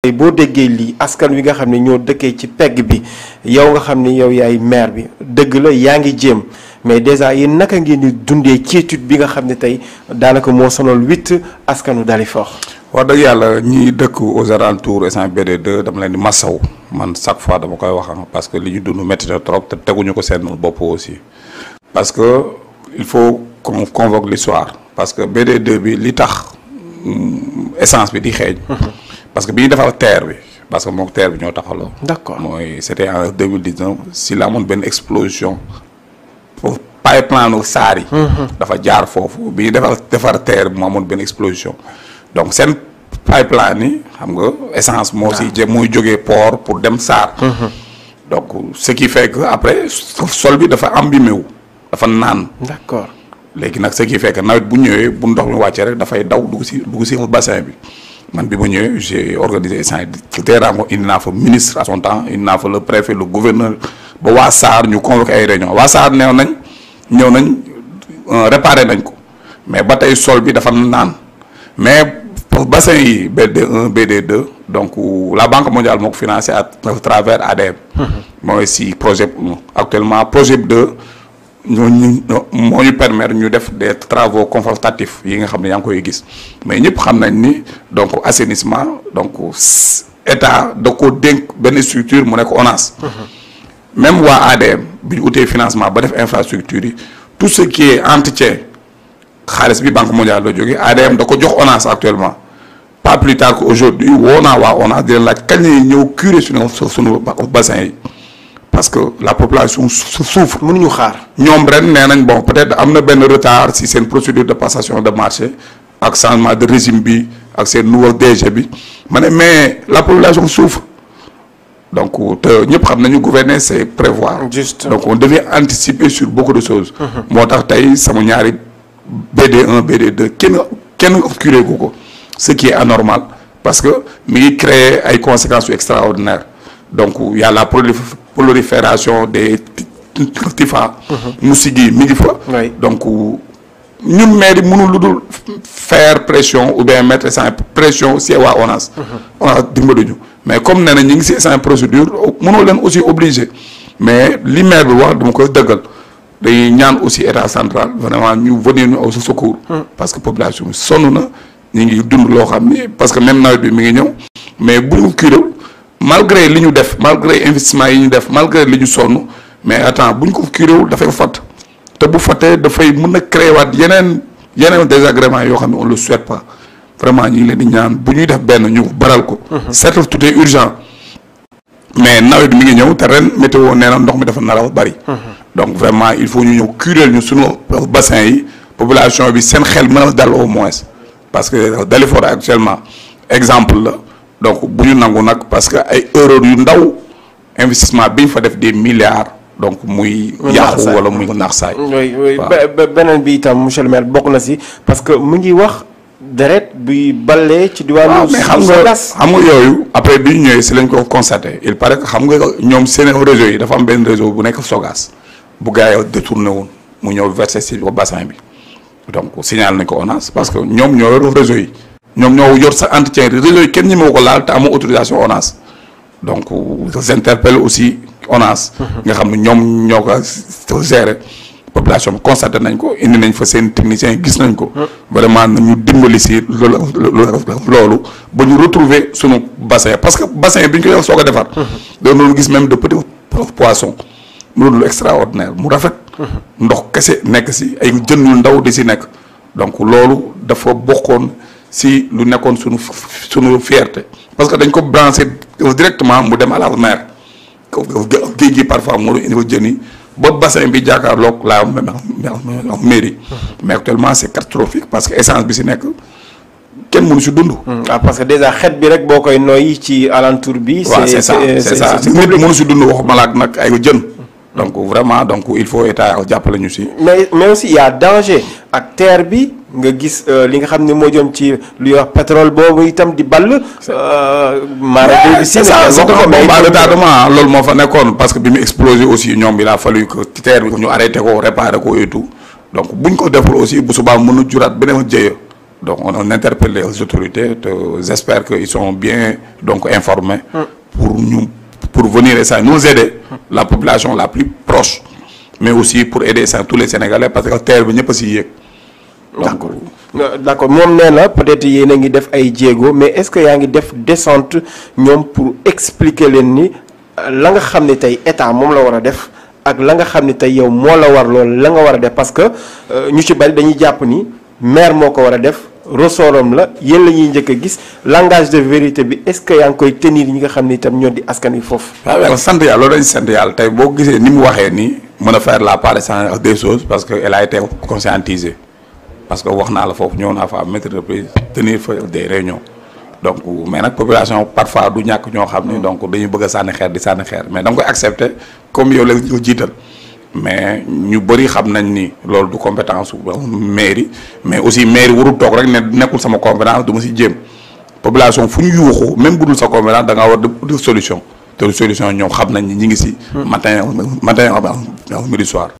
tey boo déggee lii askan wi nga xam ne ñoo dëkkee ci pegg bi yow nga xam ne yow yaay maire bi dëgg la yaa ngi jéem mais déjà yéen naka ngeen di dundee quiétude bi nga xam ne tey daanaka moo sonal huit askanu Dalifort. wax dëgg yàlla ñiy dëkk aux alentours et BD2 dama leen di massaw man chaque fois dama koy wax parce que li ñu dund métti trop te teguñu ko seen bopp aussi. parce que il faut qu'on convoque l'histoire parce que bd bi li tax mm, essence bi di xeeñ. parce que bi ñu defar terre bi parce que moom terre bi ñoo taxaloo. d'accord mooy c'était en deux mille dix-neuf si la amoon benn explosion pour saar yi. Mhm. dafa jaar foofu bi ñu defar defar terre bi mu amoon benn explosion donc seen pipeline yi xam nga essence moo si jëm mooy jógee port pour dem saar. Mhm. donc ce qui fait que après sol bi dafa abîmé wu dafa naan. léegi nag ce qui fekk nawet bu ñëwee bu ndox mi wàccee rek dafay daw dugg si dugg si bassin bi. man bi ma ñëwee j'ai organisé sànq des rencontres indi naa fa ministre à son temps indi naa fa le préfet le gouverneur ba waa SAR ñu convoqué ay réunion waa SAR neew nañ ñëw nañ euh, réparé nañ ko mais ba tey sol bi dafa naan mais bassin yi BD1 BD2 donc la banque mondiale moo ko financé à travers ADM. mooy si projet actuellement projet 2. ñooñu moo ñu permettre ñu def des travaux confortatifs yi nga xam ne yaa ngi koy gis mais ñëpp xam nañ ni donc assainissement donc état da ko dénk benn structure mu nekk ONAS. même waa ADM bi ñu utee financement ba def infrastructure yi tout ce qui est entretien xaalis bi banque mondiale la jóge ADM da ko jox ONAS actuellement pas plus tard que aujourd'hui woo naa waa ONAS di leen laaj kañ ñëw ñuw ñëw curé suñu suñu bassin yi. parce que la population souffre. mënuñu xaar. ñoom ren nee nañ bon peut-être am na benn retard si seen procédure de passation de marché ak changement de régime bi ak seen nouveau DG bi ma ne mais la population souffre donc te ñëpp xam nañu gouverner c'est prévoir. Juste. donc on devait anticiper sur beaucoup de choses. Mhm. moo tax tey sama ñaari BD1 BD2 kenn kenn curé gu ko ce qui est anormal parce que mi ngi créer ay conséquences extraordinaires donc y a la prolif prolifération des TIFA. mu siggi mi ngi fa. donc ñu maire yi mënul lu dul faire pression ou bien mettre sans pression si waa ONAS. Mhm. ONAS dimbali ñu mais comme nee na ngi si sans procédure mënoo leen aussi obligé mais li maire bi wax dama koy dëggal. dañuy ñaan aussi état central vraiment ñu venir ñu au secours. Hmm. parce que population bi sonn na ñu ngi dund loo xam ni parce que même nawet bi mi ngi ñëw mais bu ñu kiiréw malgré li ñu def malgré investissement yi ñu def malgré li ñu sonn mais attends bu ñu ko curéwul dafay fatt te bu fattee dafay mën a créer waat yeneen yeneen désagrément yoo xam ne on le souhaite pas vraiment ñu ngi leen di ñaan bu ñuy def benn ñu baral ko mhm. certes tout est urgent mais nawet mi ngi ñëw te ren météo nee na ndox mi dafa naraw bari mhm. donc vraiment il faut ñu ñëw curéel ñu suñu bassin yi population bi seen xel mën a dal au moins parce que Dalifort actuellement exemple la donc bu ñu nangu nag parce que ay erreur yu ndaw investissement bi ñu fa def des milliards donc muy yàqu wala mu naax saay beneen bi itam monsieur le maire bokk na si parce que mu ngi wax deret buy ballee ci diwaanu mais xam nga xam nga yooyu après bi ñu si lañ ko constaté il paraît que xam nga ñoom seen réseau yi dafa am benn réseau bu nekk Sogas bu gars yi détourné woon mu ñëw versé si ko bassin bi donc signal nañ ko ONAS parce que ñoom ñoo yor réseau yi ñoom ñoo yor sa entretien réseau yooyu kenn ñemewu ko laal te amoo autorisation ONAS donc ça interpelle aussi ONAS. nga xam ne ñoom ñoo ko ak gérer population bi constaté nañ ko indi nañ fa seen technicien gis nañ ko. vraiment ñu dimbali si loolu loolu ba ñu retrouver sunu bassin parce que bassin bi ñu ko yor soog a defar. dañu doon gis même de petits poissons mu doon lu extraordinaire mu rafet. ndox kese nekk si ay jën yu ndaw di si nekk donc loolu dafa bokkoon. si lu nekkoon suñu suñu fierté parce que dañ ko branché directement mu dem à la mer géej gi parfois moo doon indi fa jën yi ba bassin bi jàkkaarloog la mairie mais actuellement c' est catastrophique parce que essence bi si nekk kenn mënu si dund. waaw hmm, ah, parce que déjà xet bi rek boo koy noyyi ci alentour bi. c' est ça euh, si dund waxumala ak nag ay jën. donc vraiment donc il faut état jàppale ñu si. mais mais aussi y' a danger ak terre bi. nga gis euh, li nga xam ne moo jëm ci lu yor petrole boobu itam di ball. Euh, maanaam a ça c'est un ah, loolu moo fa nekkoon parce que bi mu explosé aussi ñoom il la fallu que terre bi ñu arrêté ko réparé ko et tout donc buñ ko deful aussi bu subaa mën juraat beneen jëye donc on a interpellé les autorités te que ils sont bien donc informés. Hmm. pour ñu pour venir et ça nous aider. la population la plus proche. mais aussi pour aider ça tous les Sénégalais parce que terre bi ñëpp a siy d'accord euh, d'accord moom nee na peut-être yéen a ngi def ay jéego mais est-ce que yaa ngi def descente ñoom pour expliquer leen ni euh, la nga xam ne tey état moom la war a def ak la nga xam ne tey yow moo la war loolu la nga war a def parce que euh, ñu ci bari dañuy jàpp ni maire moo ko war a def ressortam la yéen la ñuy njëkk a gis langage de vérité bi est-ce que yaa ngi koy tenir ñi nga xam ni itam ñoo di askan wi foofu. waaw ah, sant yàlla loolu dañ sant yàlla tey boo gisee ni mu waxee nii mën a faire la part des choses parce que elle a été conscientisée. parce que wax naa la foofu ñëw naa fa à maintes reprises tenir fa des réunions donc mais nag population parfois du ñàkk ñoo xam ni donc dañuy bëgg a sànni xeer di sànni xeer mais da nga koy accepter comme yow la ko jiital mais ñu bëri xam nañ ni loolu du compétence wu mairie mais aussi mairie warul toog rek ne nekkul sama compétence du ma si jéem population fu ñu yuuxu même bu dul sa compétence da ngaa war di solution te solution ñoom xam nañ ni ñi ngi si hmm. matin matin midi soir